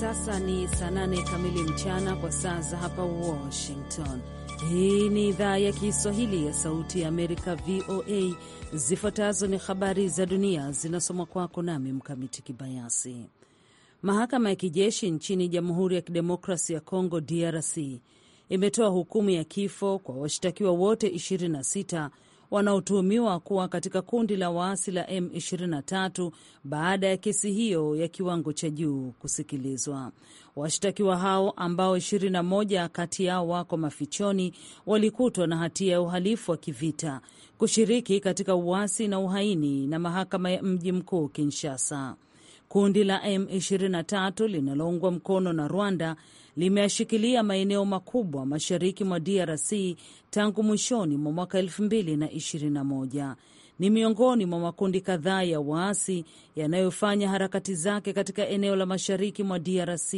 sasa ni saa nane kamili mchana kwa saa za hapa Washington. Hii ni idhaa ya Kiswahili ya Sauti ya Amerika, VOA. Zifuatazo ni habari za dunia zinasomwa kwako nami Mkamiti Kibayasi. Mahakama ya kijeshi nchini Jamhuri ya Kidemokrasi ya Kongo, DRC, imetoa hukumu ya kifo kwa washtakiwa wote 26 wanaotuhumiwa kuwa katika kundi la waasi la M23 baada ya kesi hiyo ya kiwango cha juu kusikilizwa. Washtakiwa hao ambao 21 kati yao wako mafichoni walikutwa na hatia ya uhalifu wa kivita, kushiriki katika uasi na uhaini na mahakama ya mji mkuu Kinshasa. Kundi la M23 linaloungwa mkono na Rwanda limeashikilia maeneo makubwa mashariki mwa DRC tangu mwishoni mwa mwaka 2021. Ni miongoni mwa makundi kadhaa ya waasi yanayofanya harakati zake katika eneo la mashariki mwa DRC,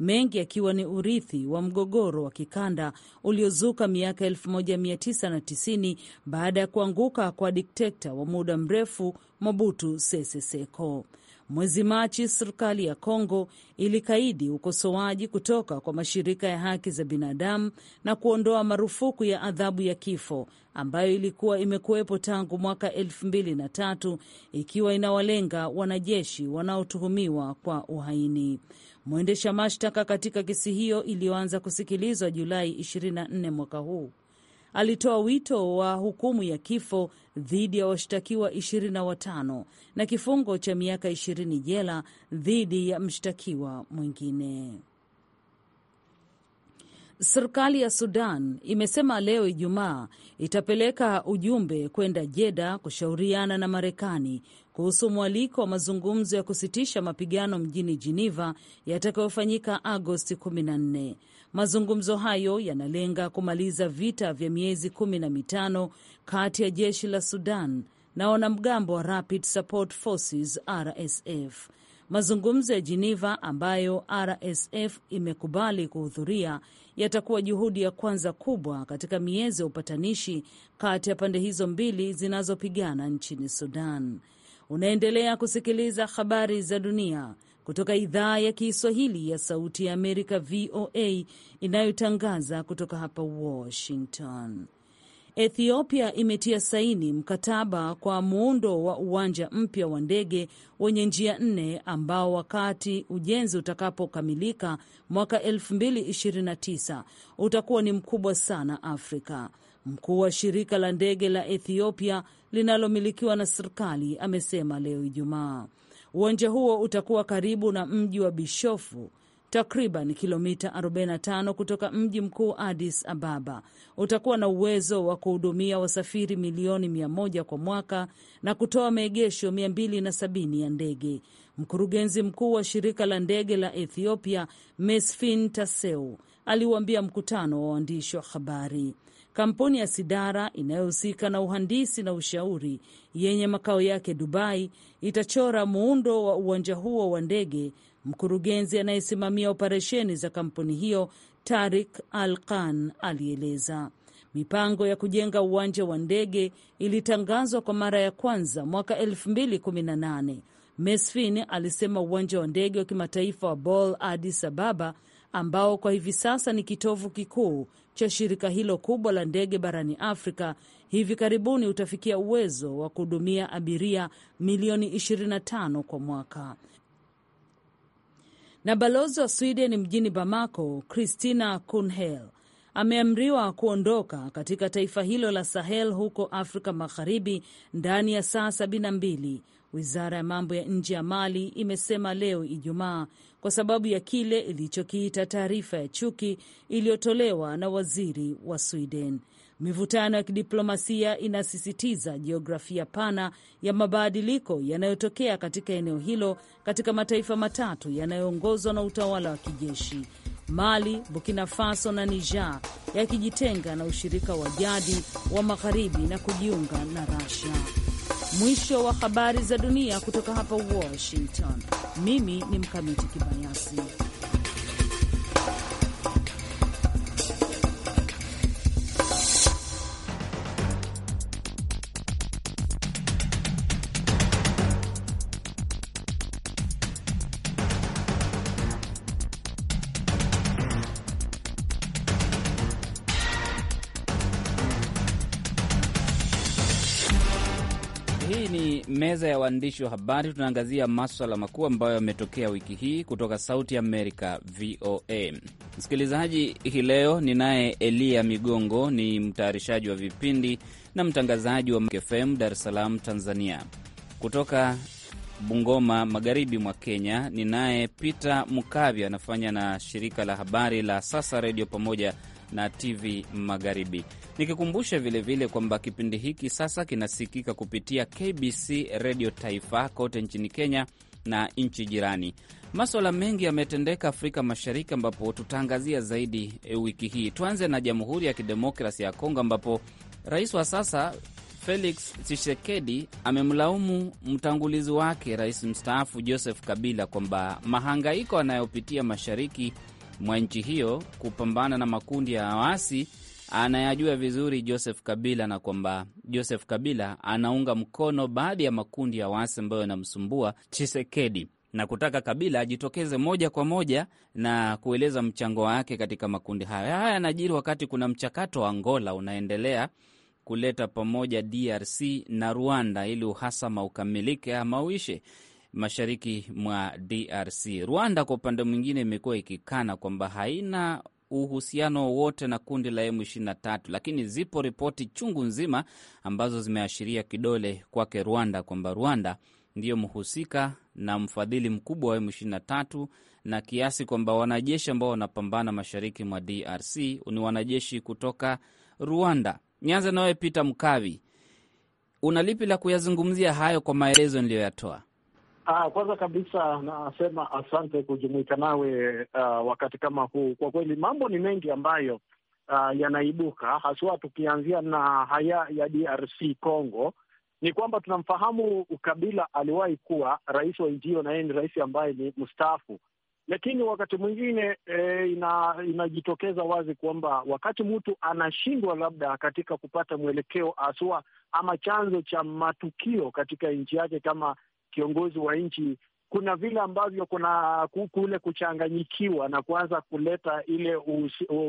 mengi yakiwa ni urithi wa mgogoro wa kikanda uliozuka miaka 1990 baada ya kuanguka kwa dikteta wa muda mrefu Mobutu Sese Seko. Mwezi Machi, serikali ya Kongo ilikaidi ukosoaji kutoka kwa mashirika ya haki za binadamu na kuondoa marufuku ya adhabu ya kifo ambayo ilikuwa imekuwepo tangu mwaka elfu mbili na tatu ikiwa inawalenga wanajeshi wanaotuhumiwa kwa uhaini. Mwendesha mashtaka katika kesi hiyo iliyoanza kusikilizwa Julai 24 mwaka huu alitoa wito wa hukumu ya kifo dhidi ya washtakiwa 25 na kifungo cha miaka 20 jela dhidi ya mshtakiwa mwingine. Serikali ya Sudan imesema leo Ijumaa itapeleka ujumbe kwenda Jeda kushauriana na Marekani kuhusu mwaliko wa mazungumzo ya kusitisha mapigano mjini Geneva yatakayofanyika Agosti 14. Mazungumzo hayo yanalenga kumaliza vita vya miezi kumi na mitano kati ya jeshi la Sudan na wanamgambo wa Rapid Support Forces RSF. Mazungumzo ya Jeneva ambayo RSF imekubali kuhudhuria yatakuwa juhudi ya kwanza kubwa katika miezi ya upatanishi kati ya pande hizo mbili zinazopigana nchini Sudan. Unaendelea kusikiliza habari za dunia kutoka idhaa ya Kiswahili ya Sauti ya Amerika, VOA, inayotangaza kutoka hapa Washington. Ethiopia imetia saini mkataba kwa muundo wa uwanja mpya wa ndege wenye njia nne ambao wakati ujenzi utakapokamilika mwaka 2029 utakuwa ni mkubwa sana Afrika. Mkuu wa shirika la ndege la Ethiopia linalomilikiwa na serikali amesema leo Ijumaa Uwanja huo utakuwa karibu na mji wa Bishofu, takriban kilomita 45 kutoka mji mkuu Addis Ababa. Utakuwa na uwezo wa kuhudumia wasafiri milioni 100 kwa mwaka na kutoa maegesho 270 ya ndege. Mkurugenzi mkuu wa shirika la ndege la Ethiopia Mesfin Taseu aliuambia mkutano wa waandishi wa habari Kampuni ya Sidara inayohusika na uhandisi na ushauri yenye makao yake Dubai itachora muundo wa uwanja huo wa ndege. Mkurugenzi anayesimamia operesheni za kampuni hiyo Tarik Al Khan alieleza mipango ya kujenga uwanja wa ndege ilitangazwa kwa mara ya kwanza mwaka 2018. Mesfin alisema uwanja wa ndege wa kimataifa wa Bole adis Ababa ambao kwa hivi sasa ni kitovu kikuu cha shirika hilo kubwa la ndege barani Afrika hivi karibuni utafikia uwezo wa kuhudumia abiria milioni 25 kwa mwaka. Na balozi wa Sweden mjini Bamako, Christina Kunhel, ameamriwa kuondoka katika taifa hilo la Sahel huko Afrika Magharibi ndani ya saa 72 wizara ya mambo ya nje ya Mali imesema leo Ijumaa, kwa sababu ya kile ilichokiita taarifa ya chuki iliyotolewa na waziri wa Sweden. Mivutano ya kidiplomasia inasisitiza jiografia pana ya mabadiliko yanayotokea katika eneo hilo katika mataifa matatu yanayoongozwa na utawala wa kijeshi: Mali, Burkina Faso na Niger, yakijitenga na ushirika wa jadi wa Magharibi na kujiunga na Russia. Mwisho wa habari za dunia kutoka hapa Washington. Mimi ni Mkamiti Kibayasi. meza ya waandishi wa habari tunaangazia maswala makuu ambayo yametokea wiki hii kutoka Sauti Amerika, VOA. Msikilizaji, hii leo ninaye Eliya Migongo, ni mtayarishaji wa vipindi na mtangazaji wa fm Dar es Salaam, Tanzania. Kutoka Bungoma, magharibi mwa Kenya, ninaye Peter Mukavya, anafanya na shirika la habari la Sasa Redio pamoja na TV Magharibi. Nikikumbushe vilevile kwamba kipindi hiki sasa kinasikika kupitia KBC Redio Taifa kote nchini Kenya na nchi jirani. Maswala mengi yametendeka Afrika Mashariki, ambapo tutaangazia zaidi eh, wiki hii. Tuanze na Jamhuri ya Kidemokrasi ya Kongo, ambapo rais wa sasa Felix Tshisekedi amemlaumu mtangulizi wake rais mstaafu Joseph Kabila kwamba mahangaiko anayopitia mashariki mwa nchi hiyo kupambana na makundi ya waasi anayajua vizuri Joseph Kabila, na kwamba Joseph Kabila anaunga mkono baadhi ya makundi ya waasi ambayo yanamsumbua Chisekedi na kutaka Kabila ajitokeze moja kwa moja na kueleza mchango wake katika makundi hayo. Haya yanajiri wakati kuna mchakato wa Angola unaendelea kuleta pamoja DRC na Rwanda ili uhasama ukamilike ama uishe mashariki mwa DRC. Rwanda kwa upande mwingine imekuwa ikikana kwamba haina uhusiano wowote na kundi la M23, lakini zipo ripoti chungu nzima ambazo zimeashiria kidole kwake Rwanda kwamba Rwanda ndiyo mhusika na mfadhili mkubwa wa M23 na kiasi kwamba wanajeshi ambao wanapambana mashariki mwa DRC ni wanajeshi kutoka Rwanda. Nianze nawe Peter Mkavi, una lipi la kuyazungumzia hayo kwa maelezo niliyoyatoa? Ah, kwanza kabisa nasema asante kujumuika nawe uh, wakati kama huu. Kwa kweli mambo ni mengi ambayo uh, yanaibuka haswa, tukianzia na haya ya DRC Congo ni kwamba tunamfahamu Kabila aliwahi kuwa rais wa nchi hiyo, na yeye ni rais ambaye ni mstaafu, lakini wakati mwingine e, ina, inajitokeza wazi kwamba wakati mtu anashindwa labda katika kupata mwelekeo aswa ama chanzo cha matukio katika nchi yake kama kiongozi wa nchi, kuna vile ambavyo kuna kule kuchanganyikiwa na kuanza kuleta ile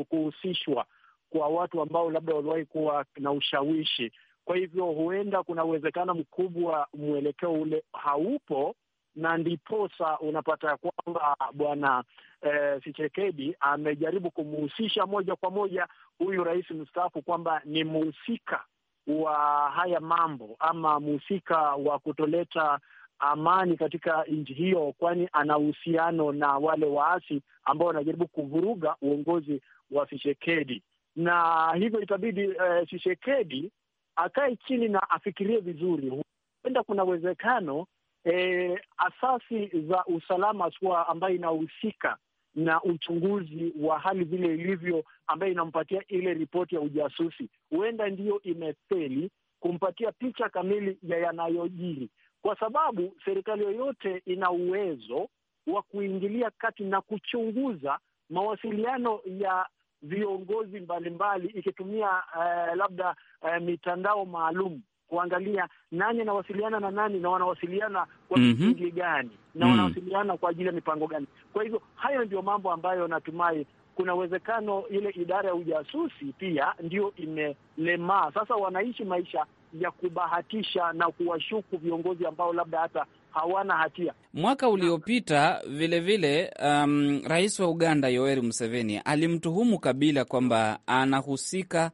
kuhusishwa kwa watu ambao labda waliwahi kuwa na ushawishi. Kwa hivyo huenda kuna uwezekano mkubwa mwelekeo ule haupo, na ndiposa unapata ya kwamba bwana eh, amejaribu kumhusisha moja kwa moja huyu rais mstaafu kwamba ni mhusika wa haya mambo ama mhusika wa kutoleta amani katika nchi hiyo, kwani ana uhusiano na wale waasi ambao wanajaribu kuvuruga uongozi wa Tshisekedi, na hivyo itabidi eh, akae chini na afikirie vizuri. Huenda kuna uwezekano eh, asasi za usalama sua ambayo inahusika na uchunguzi wa hali vile ilivyo, ambayo inampatia ile ripoti ya ujasusi, huenda ndiyo imefeli kumpatia picha kamili ya yanayojiri kwa sababu serikali yoyote ina uwezo wa kuingilia kati na kuchunguza mawasiliano ya viongozi mbalimbali ikitumia uh, labda uh, mitandao maalum kuangalia nani anawasiliana na nani na wanawasiliana kwa mhm. misingi mm -hmm. gani na mm. wanawasiliana kwa ajili ya mipango gani. Kwa hivyo hayo ndio mambo ambayo natumai kuna uwezekano ile idara ya ujasusi pia ndio imelemaa sasa, wanaishi maisha ya kubahatisha na kuwashuku viongozi ambao labda hata hawana hatia. Mwaka uliopita vilevile, um, rais wa Uganda Yoweri Museveni alimtuhumu Kabila kwamba anahusika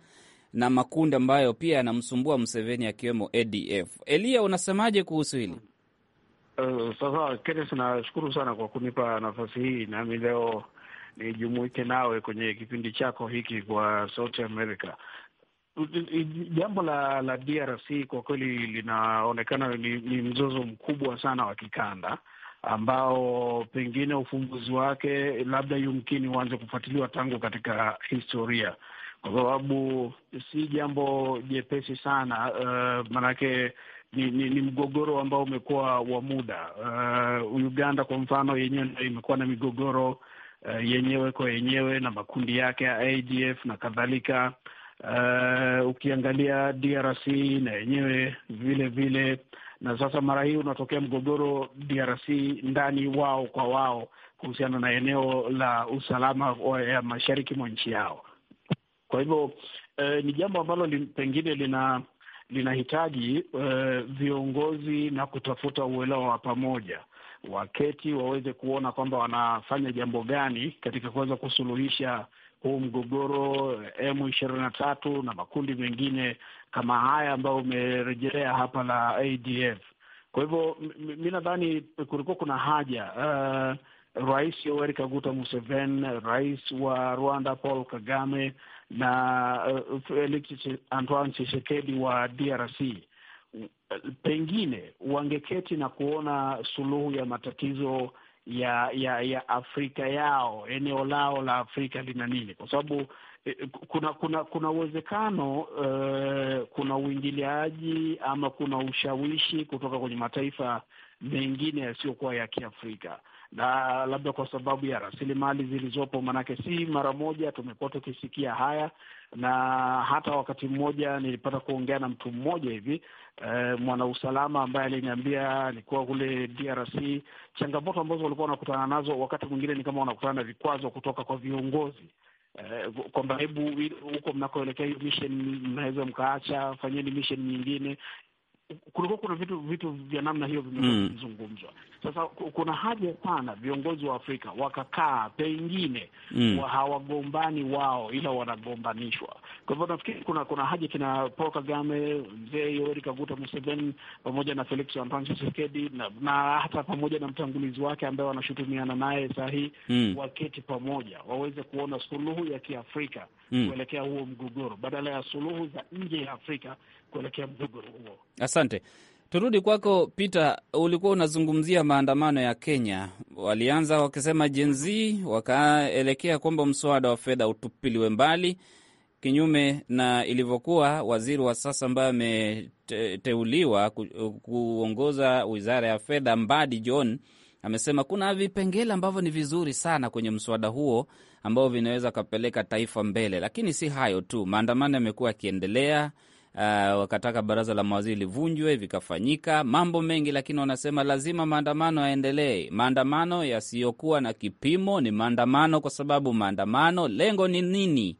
na makundi ambayo pia yanamsumbua Museveni akiwemo ADF. Elia, unasemaje kuhusu hili? Uh, sasa Kenes, nashukuru sana kwa kunipa nafasi hii nami leo nijumuike nawe kwenye kipindi chako hiki kwa Sauti Amerika. Jambo la la DRC kwa kweli linaonekana ni, ni mzozo mkubwa sana wa kikanda ambao pengine ufumbuzi wake labda yumkini uanze kufuatiliwa tangu katika historia, kwa sababu si jambo jepesi sana uh, eh, maanake ni, ni, ni mgogoro ambao umekuwa wa muda uh, Uganda kwa mfano yenyewe imekuwa na migogoro uh, yenyewe kwa yenyewe na makundi yake ya ADF na kadhalika. Uh, ukiangalia DRC na yenyewe vile vile, na sasa mara hii unatokea mgogoro DRC ndani wao kwa wao kuhusiana na eneo la usalama ya mashariki mwa nchi yao. Kwa hivyo uh, ni jambo ambalo li, pengine lina linahitaji uh, viongozi na kutafuta uelewa wa pamoja, waketi waweze kuona kwamba wanafanya jambo gani katika kuweza kusuluhisha huu mgogoro eh, M ishirini na tatu na makundi mengine kama haya ambayo umerejelea hapa la ADF. Kwa hivyo mi nadhani kulikuwa kuna haja uh, Rais Yoweri Kaguta Museveni, rais wa Rwanda Paul Kagame na uh, Felix Antoine Tshisekedi wa DRC pengine wangeketi na kuona suluhu ya matatizo ya ya ya Afrika yao, eneo lao la Afrika lina nini, kwa sababu e, kuna kuna kuna uwezekano uh, kuna uingiliaji ama kuna ushawishi kutoka kwenye mataifa mengine yasiyokuwa ya Kiafrika na labda kwa sababu ya rasilimali zilizopo, maanake si mara moja tumekuwa tukisikia haya, na hata wakati mmoja nilipata kuongea na mtu mmoja hivi e, eh, mwanausalama ambaye aliniambia alikuwa kule DRC, changamoto ambazo walikuwa wanakutana nazo wakati mwingine ni kama wanakutana na vikwazo kutoka kwa viongozi eh, kwamba hebu huko mnakoelekea hiyo mission mnaweza mkaacha, fanyeni mission nyingine kulikuwa kuna vitu vitu vya namna hiyo vimezungumzwa. Mm. Sasa kuna haja sana viongozi wa Afrika wakakaa, pengine mm. wa hawagombani wao, ila wanagombanishwa. Kwa hivyo nafikiri kuna kuna haja kina Paul Kagame, mzee Yoweri Kaguta Museveni pamoja na Felix Antoine Tshisekedi na, na hata pamoja na mtangulizi wake ambaye wanashutumiana naye saa hii mm. waketi pamoja waweze kuona suluhu ya Kiafrika mm. kuelekea huo mgogoro badala ya suluhu za nje ya Afrika kuelekea mgogoro huo. Asante. Turudi kwako Peter, ulikuwa unazungumzia maandamano ya Kenya. Walianza wakisema Gen Z, wakaelekea kwamba mswada wa fedha utupiliwe mbali, kinyume na ilivyokuwa waziri wa sasa ambaye ameteuliwa ku, kuongoza wizara ya fedha, Mbadi John amesema kuna vipengele ambavyo ni vizuri sana kwenye mswada huo ambao vinaweza kapeleka taifa mbele, lakini si hayo tu, maandamano yamekuwa yakiendelea uh, wakataka baraza la mawaziri livunjwe, vikafanyika mambo mengi, lakini wanasema lazima maandamano yaendelee. Maandamano yasiyokuwa na kipimo ni maandamano, kwa sababu maandamano lengo ni nini?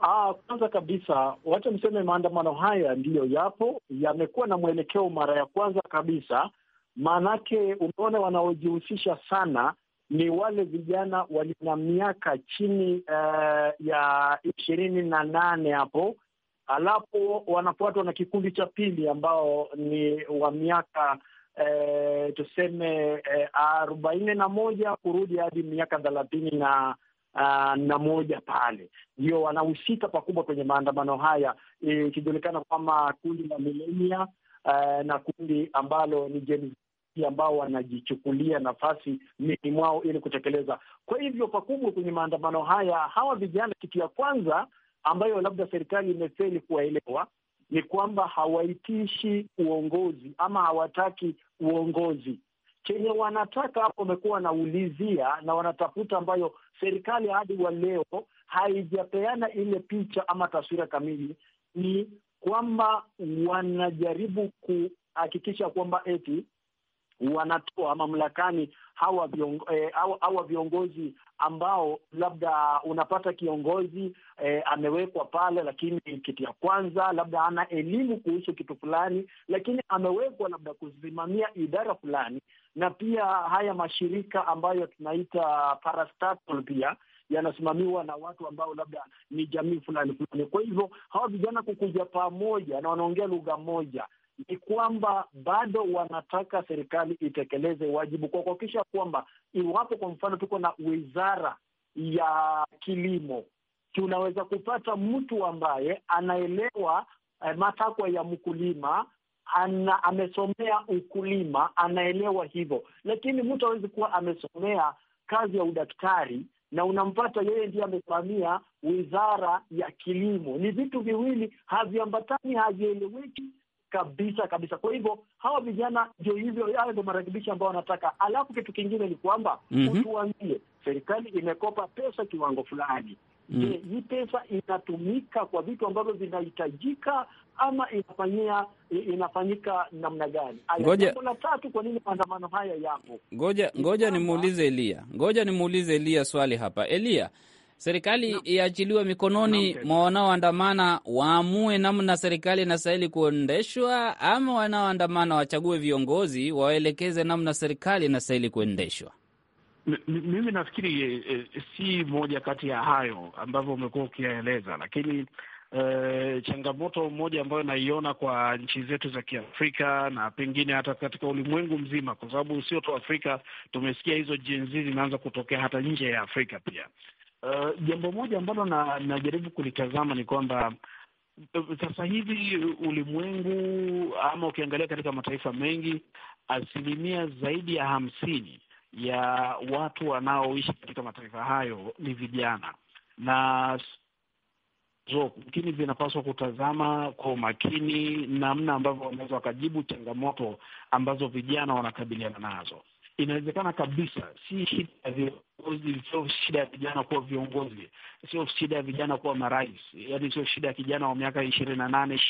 Ah, kwanza kabisa wacha niseme maandamano haya ndiyo yapo, yamekuwa na mwelekeo mara ya kwanza kabisa. Maanake umeona wanaojihusisha sana ni wale vijana walio na miaka chini uh, ya ishirini na nane hapo alafu wanafuatwa na kikundi cha pili ambao ni wa miaka e, tuseme eh, arobaini e, na moja kurudi hadi miaka thelathini na Uh, na moja pale ndio wanahusika pakubwa kwenye maandamano haya, ikijulikana e, kama kundi la milenia uh, eh, na kundi ambalo ni jeni ambao wanajichukulia nafasi mini mwao ili kutekeleza. Kwa hivyo pakubwa kwenye maandamano haya hawa vijana, kitu ya kwanza ambayo labda serikali imefeli kuwaelewa ni kwamba hawaitishi uongozi ama hawataki uongozi. Chenye wanataka hapo, wamekuwa wanaulizia na wanatafuta, ambayo serikali hadi wa leo haijapeana ile picha ama taswira kamili, ni kwamba wanajaribu kuhakikisha kwamba eti wanatoa mamlakani hawa viongo, eh, hawa, hawa viongozi ambao labda unapata kiongozi eh, amewekwa pale, lakini kitu ya kwanza labda ana elimu kuhusu kitu fulani, lakini amewekwa labda kusimamia idara fulani, na pia haya mashirika ambayo tunaita parastatal pia yanasimamiwa na watu ambao labda ni jamii fulani fulani. Kwa hivyo hawa vijana kukuja pamoja na wanaongea lugha moja ni kwamba bado wanataka serikali itekeleze wajibu kwa kuhakikisha kwamba iwapo kwa mfano tuko na wizara ya kilimo, tunaweza kupata mtu ambaye anaelewa eh, matakwa ya mkulima ana, amesomea ukulima, anaelewa hivyo, lakini mtu hawezi kuwa amesomea kazi ya udaktari na unampata yeye ndiye amesimamia wizara ya kilimo. Ni vitu viwili haviambatani, havieleweki kabisa kabisa. Kwa hivyo hawa vijana ndio hivyo, hayo ndio marekebisho ambayo wanataka. Alafu kitu kingine ni kwamba mm -hmm. utuambie serikali imekopa pesa kiwango fulani mm -hmm. Je, hii pesa inatumika kwa vitu ambavyo vinahitajika ama inafanyia inafanyika namna gani? la tatu, kwa nini maandamano haya yapo? Ngoja ngoja nimuulize Elia, ngoja nimuulize Elia swali hapa, Elia serikali iachiliwe mikononi mwa wanaoandamana, waamue namna serikali inastahili kuendeshwa, ama wanaoandamana wachague viongozi waelekeze namna serikali inastahili kuendeshwa? mimi nafikiri e, e, si moja kati ya hayo ambavyo umekuwa ukiyaeleza, lakini e, changamoto moja ambayo naiona kwa nchi zetu za Kiafrika na pengine hata katika ulimwengu mzima, kwa sababu sio tu Afrika, tumesikia hizo jenzi zinaanza kutokea hata nje ya Afrika pia. Uh, jambo moja ambalo na najaribu kulitazama ni kwamba eh, sasa hivi ulimwengu ama ukiangalia katika mataifa mengi, asilimia zaidi ya hamsini ya watu wanaoishi katika mataifa hayo ni vijana, na lakini vinapaswa kutazama kwa umakini namna ambavyo wanaweza wakajibu changamoto ambazo vijana wanakabiliana nazo inawezekana kabisa. Si shida ya viongozi, sio shida ya vijana kuwa viongozi, sio shida ya vijana kuwa marais, yaani sio shida ya kijana wa miaka ishirini na nane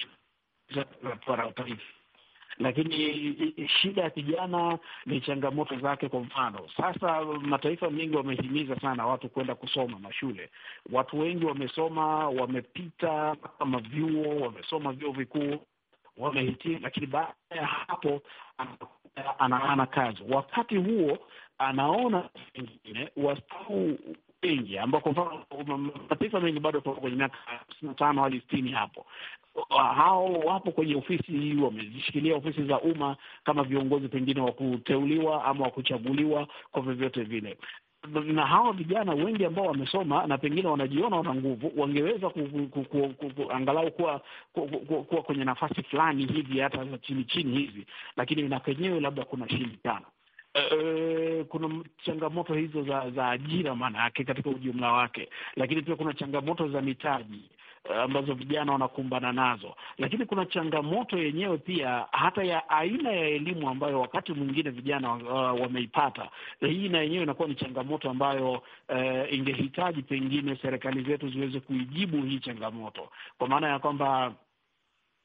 lakini shida ya kijana ni changamoto zake. Kwa mfano sasa, mataifa mengi wamehimiza sana watu kwenda kusoma mashule. Watu wengi wamesoma, wamepita kama vyuo, wamesoma vyuo vikuu, wamehitimu, lakini baada ya hapo anaana kazi. Wakati huo anaona wengine wastaafu wengi ambao kwa mfano mataifa mengi bado tuko kwenye miaka hamsini na tano hadi sitini hapo hao wapo kwenye ofisi, wamezishikilia ofisi za umma kama viongozi pengine wa kuteuliwa ama wa kuchaguliwa kwa vyovyote vile na hawa vijana wengi ambao wamesoma na pengine wanajiona wana nguvu, wangeweza angalau kuwa kuwa kwenye nafasi fulani hivi hata za chini chini hivi lakini na penyewe labda kuna shindano. E, e, kuna changamoto hizo za za ajira maana yake katika ujumla wake, lakini pia kuna changamoto za mitaji Eh, ambazo vijana wanakumbana nazo, lakini kuna changamoto yenyewe pia hata ya aina ya elimu ambayo wakati mwingine vijana uh, wameipata. Hii na yenyewe inakuwa ni changamoto ambayo uh, ingehitaji pengine serikali zetu ziweze kuijibu hii changamoto, kwa maana ya kwamba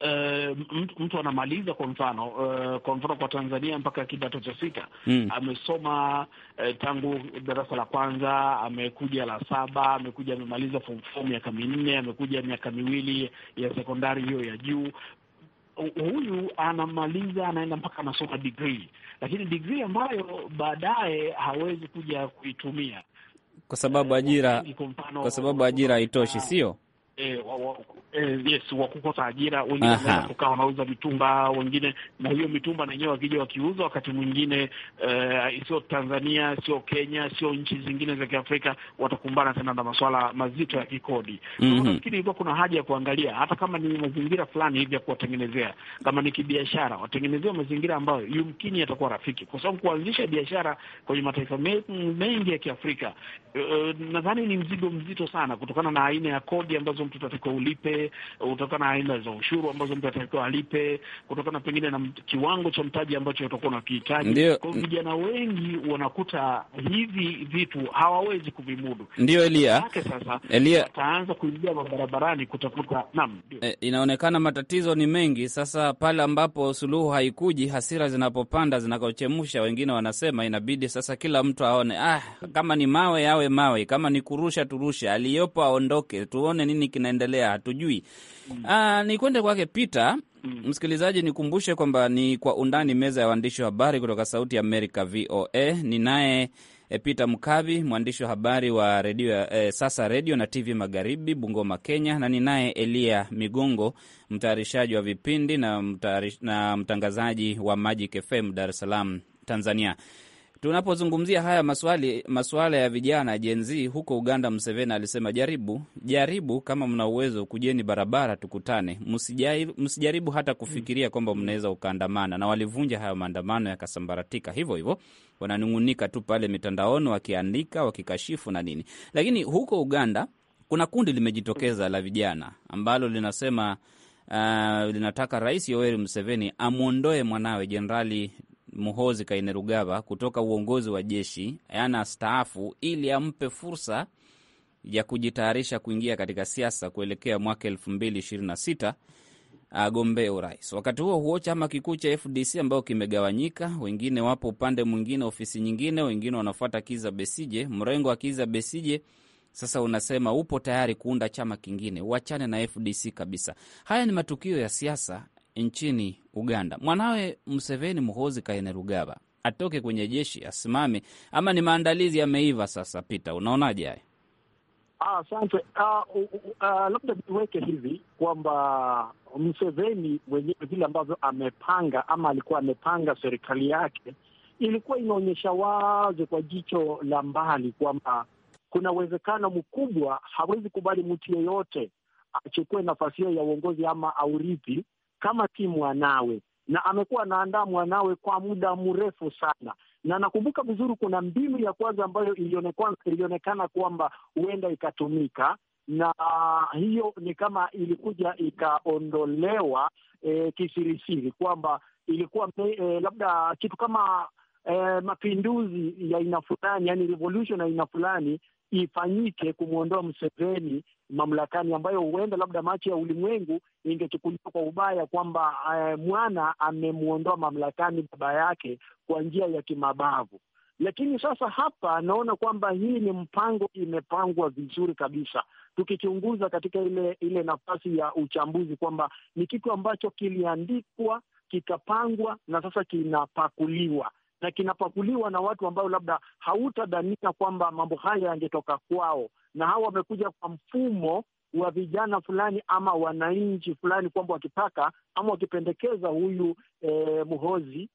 Eh, mtu, anamaliza kwa mfano eh, kwa mfano kwa Tanzania mpaka kidato cha sita mm. amesoma uh, tangu darasa la kwanza, amekuja la saba, amekuja amemaliza form four miaka minne, amekuja miaka miwili ya sekondari hiyo ya juu huyu anamaliza anaenda mpaka anasoma degree, lakini degree ambayo baadaye hawezi kuja kuitumia kwa sababu ajira, kwa sababu ajira haitoshi, ah. sio? eh, wa, wa, eh, yes, ajira. Wengine kukaa wanauza mitumba, wengine na hiyo mitumba na wenyewe wakija wakiuza, wakati mwingine eh, sio Tanzania, sio Kenya, sio nchi zingine za Kiafrika, watakumbana tena na masuala mazito ya kikodi. mm -hmm. kuna haja ya kuangalia hata kama ni mazingira fulani hivi ya kuwatengenezea, kama ni kibiashara, watengenezea mazingira ambayo yumkini yatakuwa rafiki, kwa sababu kuanzisha biashara kwenye mataifa mengi ya Kiafrika uh, nadhani ni mzigo mzito sana kutokana na aina ya kodi ambazo mtu utatakiwa ulipe, kutokana na aina za ushuru ambazo mtu atatakiwa alipe, kutokana pengine na kiwango cha mtaji ambacho utakuwa unakihitaji. Kwa vijana wengi wanakuta hivi vitu hawawezi kuvimudu. Ndio Elia, sasa Elia ataanza kuingia mabarabarani kutafuta nam. E, inaonekana matatizo ni mengi. Sasa pale ambapo suluhu haikuji, hasira zinapopanda zinakochemsha, wengine wanasema inabidi sasa kila mtu aone, ah, kama ni mawe yawe mawe, kama ni kurusha turusha, aliyopo aondoke, tuone nini kinaendelea, hatujui mm. Ah, ni kwende kwake Peter mm. Msikilizaji, nikumbushe kwamba ni kwa undani, meza ya waandishi wa habari kutoka Sauti ya Amerika VOA, ni naye eh, Peter Mkavi, mwandishi wa habari wa redio eh, sasa redio na TV Magharibi, Bungoma, Kenya, na ninaye Elia Migongo, mtayarishaji wa vipindi na, mtarish, na mtangazaji wa Magic FM Dar es Salaam, Tanzania. Tunapozungumzia haya maswali, maswala ya vijana Gen Z huko Uganda, mseveni alisema jaribu jaribu, kama mna uwezo kujeni barabara tukutane, msijaribu hata kufikiria kwamba mnaweza ukaandamana. Na walivunja hayo maandamano yakasambaratika hivyo hivyo, wananung'unika tu pale mitandaoni wakiandika, wakikashifu na nini. Lakini huko Uganda kuna kundi limejitokeza la vijana ambalo linasema Uh, linataka Rais Yoweri mseveni amwondoe mwanawe Jenerali Muhozi Kainerugaba kutoka uongozi wa jeshi, yana staafu ili ampe fursa ya kujitayarisha kuingia katika siasa kuelekea mwaka elfu mbili ishirini na sita agombee urais. Wakati huo huo, chama kikuu cha FDC ambayo kimegawanyika, wengine wapo upande mwingine, ofisi nyingine, wengine wanafuata Kiza Besije. Mrengo wa Kiza Besije sasa unasema upo tayari kuunda chama kingine, uachane na FDC kabisa. Haya ni matukio ya siasa nchini Uganda, mwanawe Museveni Muhozi Kainerugaba atoke kwenye jeshi asimame, ama ni maandalizi yameiva sasa? Pita, unaonaje haya? Ah, asante. Ah, uh, uh, labda niweke hivi kwamba Museveni mwenyewe vile ambavyo amepanga ama alikuwa amepanga serikali yake ilikuwa inaonyesha wazi kwa jicho la mbali kwamba kuna uwezekano mkubwa hawezi kubali mtu yeyote achukue nafasi hiyo ya uongozi ama aurithi kama si mwanawe, na amekuwa anaandaa mwanawe kwa muda mrefu sana na nakumbuka vizuri, kuna mbinu ya kwanza ambayo ilionekana, kwamba huenda ikatumika na hiyo ni kama ilikuja ikaondolewa e, kisirisiri kwamba ilikuwa e, labda kitu kama e, mapinduzi ya aina fulani, yani revolution ya aina fulani ifanyike kumwondoa mseveni mamlakani, ambayo huenda labda macho ya ulimwengu ingechukuliwa kwa ubaya kwamba uh, mwana amemwondoa mamlakani baba yake kwa njia ya kimabavu. Lakini sasa hapa naona kwamba hii ni mpango imepangwa vizuri kabisa, tukichunguza katika ile ile nafasi ya uchambuzi kwamba ni kitu ambacho kiliandikwa kikapangwa na sasa kinapakuliwa na kinapakuliwa na watu ambao labda hautadhania kwamba mambo haya yangetoka kwao, na hawa wamekuja kwa mfumo wa vijana fulani ama wananchi fulani, kwamba wakitaka ama wakipendekeza huyu e, Muhozi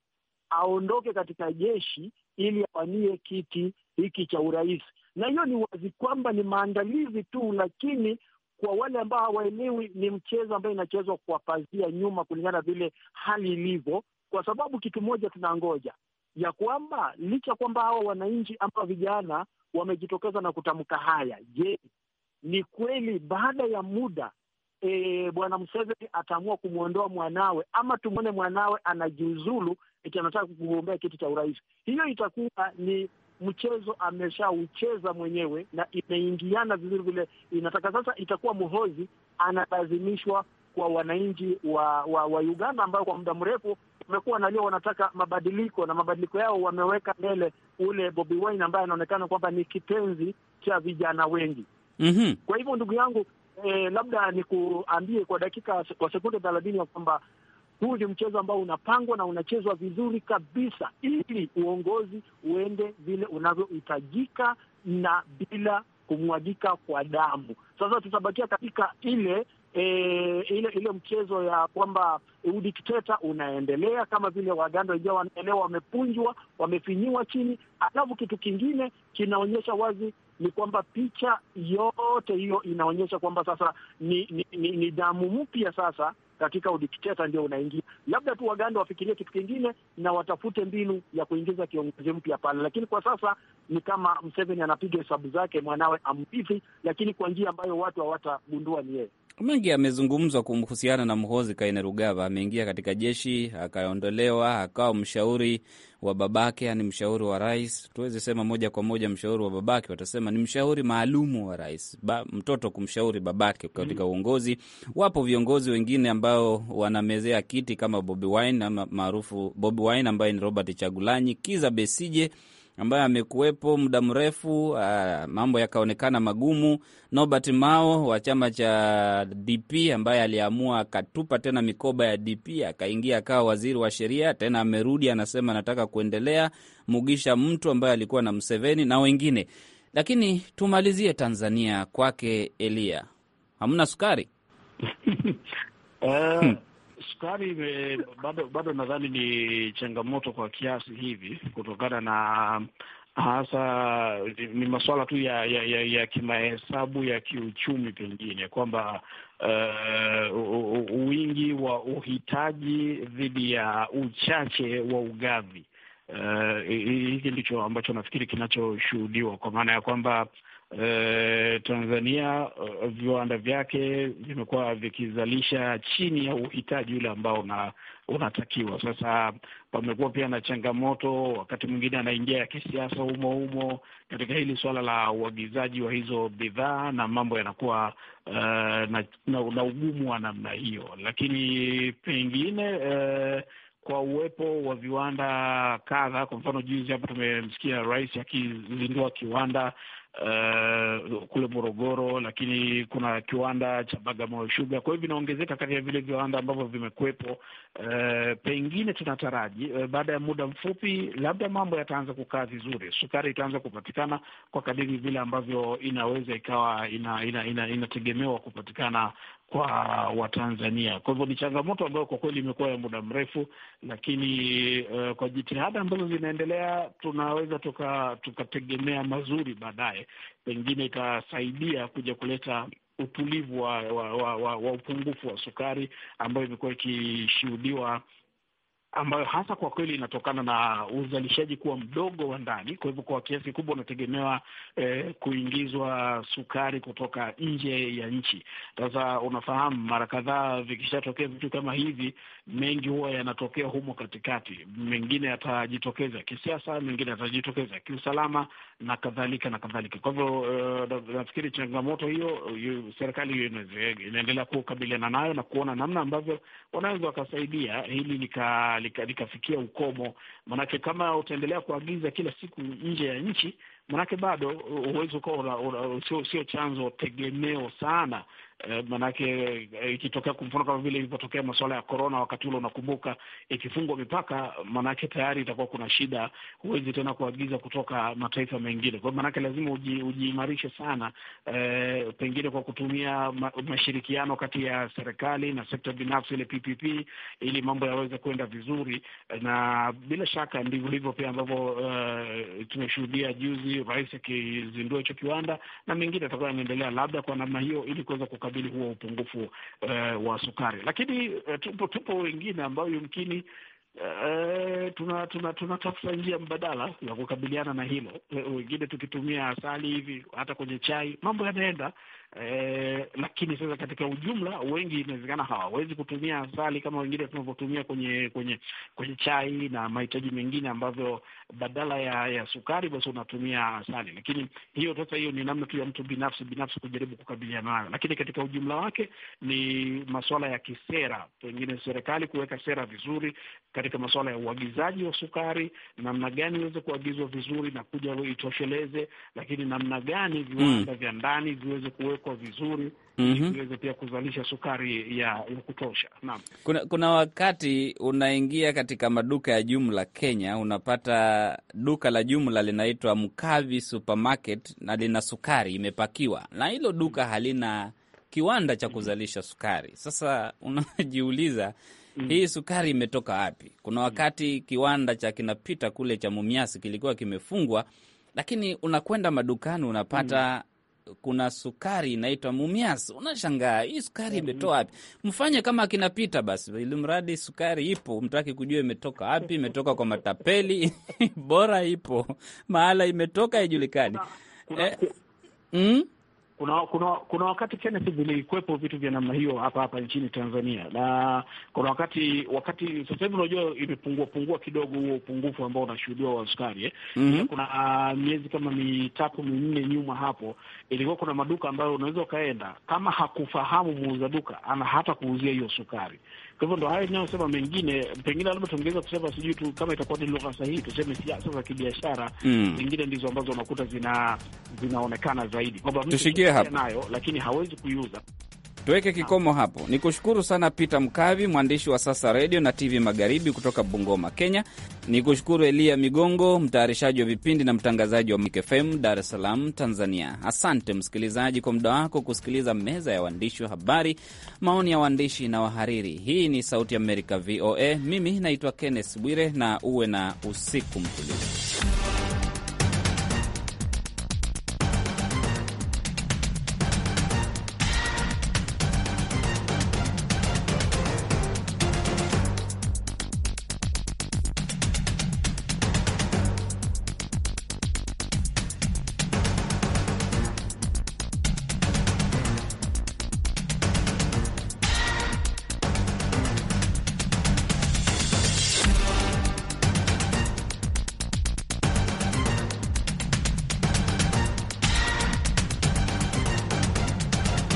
aondoke katika jeshi ili awanie kiti hiki cha urais. Na hiyo ni wazi kwamba ni maandalizi tu, lakini kwa wale ambao hawaelewi, ni mchezo ambayo inachezwa kwa pazia nyuma, kulingana vile hali ilivyo, kwa sababu kitu moja tunangoja ya kwamba licha kwamba hawa wananchi ama vijana wamejitokeza na kutamka haya, je, ni kweli baada ya muda e, bwana Museveni ataamua kumwondoa mwanawe ama tumwone mwanawe anajiuzulu eti anataka kugombea kiti cha urais? Hiyo itakuwa ni mchezo ameshaucheza mwenyewe na imeingiana vizuri vile inataka. Sasa itakuwa mhozi analazimishwa kwa wananchi wa, wa, wa Uganda ambao kwa muda mrefu wamekuwa nalia wanataka mabadiliko na mabadiliko yao wameweka mbele ule Bobi Wine ambaye anaonekana kwamba ni kitenzi cha vijana wengi. mm -hmm. Kwa hivyo ndugu yangu eh, labda nikuambie kwa dakika kwa sekunde thelathini ya kwamba huu ni mchezo ambao unapangwa na unachezwa vizuri kabisa, ili uongozi uende vile unavyohitajika na bila kumwagika kwa damu. Sasa tutabakia katika ile e, ile ile mchezo ya kwamba udikteta unaendelea, kama vile Waganda wenyewe wanaelewa, wamepunjwa, wamefinyiwa chini. Alafu kitu kingine kinaonyesha wazi ni kwamba picha yote hiyo inaonyesha kwamba sasa ni, ni, ni, ni damu mpya sasa katika udikteta ndio unaingia. Labda tu Waganda wafikirie kitu kingine na watafute mbinu ya kuingiza kiongozi mpya pale, lakini kwa sasa ni kama Mseveni anapiga hesabu zake mwanawe amrithi, lakini kwa njia ambayo watu hawatagundua ni yeye mengi yamezungumzwa kuhusiana na Mhozi Kainerugaba. Ameingia katika jeshi akaondolewa, akawa mshauri wa babake, yani mshauri wa rais. Tuwezi sema moja kwa moja mshauri wa babake, watasema ni mshauri maalumu wa rais ba, mtoto kumshauri babake katika mm. uongozi. Wapo viongozi wengine ambao wanamezea kiti kama Bobi Wine, ama maarufu Bobi Wine ambaye ni Robert Chagulanyi, Kiza Besije ambaye amekuwepo muda mrefu uh, mambo yakaonekana magumu. Nobert Mao wa chama cha DP ambaye aliamua akatupa tena mikoba ya DP akaingia akawa waziri wa sheria, tena amerudi anasema anataka kuendelea. Mugisha mtu ambaye alikuwa na Mseveni na wengine, lakini tumalizie Tanzania kwake Elia, hamna sukari. uh, sukari eh, bado bado nadhani ni changamoto kwa kiasi hivi, kutokana na hasa ni masuala tu ya ya, ya, ya kimahesabu ya kiuchumi, pengine kwamba uh, wingi wa uhitaji dhidi ya uchache wa ugavi. Eh, hiki uh, ndicho ambacho nafikiri kinachoshuhudiwa kwa maana ya kwamba E, Tanzania e, viwanda vyake vimekuwa vikizalisha chini ya uhitaji ule ambao una, unatakiwa. Sasa pamekuwa pia na changamoto, wakati mwingine anaingia ya kisiasa humo humo katika hili suala la uagizaji wa hizo bidhaa na mambo yanakuwa uh, na, na, na ugumu wa namna hiyo, lakini pengine uh, kwa uwepo wa viwanda kadha. Kwa mfano juzi hapa tumemsikia rais akizindua kiwanda uh, kule Morogoro, lakini kuna kiwanda cha Bagamoyo Sugar. Kwa hiyo vinaongezeka kati ya vile viwanda ambavyo vimekuwepo. Uh, eh, pengine tunataraji uh, baada ya muda mfupi, labda mambo yataanza kukaa vizuri, sukari itaanza kupatikana kwa kadiri vile ambavyo inaweza ikawa inategemewa ina, ina, ina kupatikana kwa Watanzania. Kwa hivyo ni changamoto ambayo kwa kweli imekuwa ya muda mrefu, lakini uh, kwa jitihada ambazo zinaendelea tunaweza tukategemea tuka mazuri baadaye, pengine itasaidia kuja kuleta utulivu wa, wa, wa, wa, wa upungufu wa sukari ambayo imekuwa ikishuhudiwa ambayo hasa kwa kweli inatokana na uzalishaji kuwa mdogo wa ndani. Kwa hivyo kwa kiasi kikubwa unategemewa eh, kuingizwa sukari kutoka nje ya nchi. Sasa unafahamu, mara kadhaa vikishatokea vitu kama hivi mengi huwa yanatokea humo katikati, mengine yatajitokeza kisiasa, mengine yatajitokeza kiusalama na kadhalika na kadhalika. Kwa hivyo uh, nafikiri changamoto hiyo serikali hiyo inaendelea kukabiliana nayo na kuona namna ambavyo wanaweza wakasaidia hili likafikia lika, lika ukomo, manake kama utaendelea kuagiza kila siku nje ya nchi manake bado uh, huwezi ukawa sio chanzo tegemeo sana eh, maanake eh, ikitokea kwa mfano kama vile ilivyotokea masuala ya korona wakati ule, unakumbuka, ikifungwa mipaka, maanake tayari itakuwa kuna shida, huwezi tena kuagiza kutoka mataifa mengine. Kwa hiyo maanake lazima uji, sana e, pengine kwa kutumia ma, mashirikiano kati ya serikali na sekta binafsi, ile PPP, ili mambo yaweze kwenda vizuri, na bila shaka ndivyo hivyo pia ambavyo uh, tumeshuhudia juzi rais akizindua hicho kiwanda na mengine atakuwa yanaendelea labda kwa namna hiyo ili kuweza kukabili huo upungufu uh, wa sukari. Lakini uh, tupo tupo wengine ambayo yumkini Uh, tuna tuna tunatafuta njia mbadala ya kukabiliana na hilo, wengine tukitumia asali hivi hata kwenye chai, mambo yanaenda eh, lakini sasa katika ujumla wengi inawezekana hawawezi kutumia asali kama wengine tunavyotumia kwenye kwenye kwenye chai na mahitaji mengine ambavyo badala ya ya sukari basi unatumia asali. Lakini hiyo sasa, hiyo ni namna tu ya mtu binafsi binafsi kujaribu kukabiliana nayo, lakini katika ujumla wake ni masuala ya kisera, pengine serikali kuweka sera vizuri katika masuala ya uagizaji wa sukari, namna gani iweze kuagizwa vizuri na kuja itosheleze, lakini namna gani viwanda mm. vya ndani viweze kuweka kuwekwa vizuri mm -hmm. pia kuzalisha sukari ya, ya kutosha. Naam, kuna, kuna wakati unaingia katika maduka ya jumla Kenya, unapata duka la jumla linaitwa Mkavi Supermarket na lina sukari imepakiwa, na hilo duka halina kiwanda cha kuzalisha sukari. Sasa unajiuliza Mm. Hii sukari imetoka wapi? Kuna wakati kiwanda cha kinapita kule cha Mumias kilikuwa kimefungwa, lakini unakwenda madukani unapata mm kuna sukari inaitwa mumias. Unashangaa hii sukari imetoa wapi? Mfanye kama akinapita basi, ili mradi sukari ipo, mtaki kujua imetoka wapi. Imetoka kwa matapeli bora ipo mahala imetoka ijulikani. Eh, mm? kuna kuna kuna wakati Kenneth, vilikuwepo vitu vya namna hiyo hapa hapa nchini Tanzania, na kuna wakati wakati sasa hivi unajua imepungua pungua kidogo huo upungufu ambao unashuhudiwa wa sukari eh? mm -hmm. Kuna uh, miezi kama mitatu minne nyuma hapo ilikuwa kuna maduka ambayo unaweza ukaenda, kama hakufahamu muuza duka ana hata kuuzia hiyo sukari kwa hivyo ndo hayo inayosema mengine, pengine labda tungeweza kusema sijui tu kama itakuwa ni lugha sahihi, tuseme siasa za kibiashara mm. zingine, mm. ndizo ambazo unakuta zina zinaonekana zaidi kwamba mtu nayo, lakini hawezi kuiuza tuweke kikomo hapo. Ni kushukuru sana Peter Mkavi, mwandishi wa Sasa Redio na TV Magharibi kutoka Bungoma, Kenya. Ni kushukuru Eliya Migongo, mtayarishaji wa vipindi na mtangazaji wa fm Dar es Salaam, Tanzania. Asante msikilizaji kwa muda wako kusikiliza meza ya waandishi wa habari, maoni ya waandishi na wahariri. Hii ni Sauti Amerika, VOA. Mimi naitwa Kenneth Bwire, na uwe na usiku mtulivu.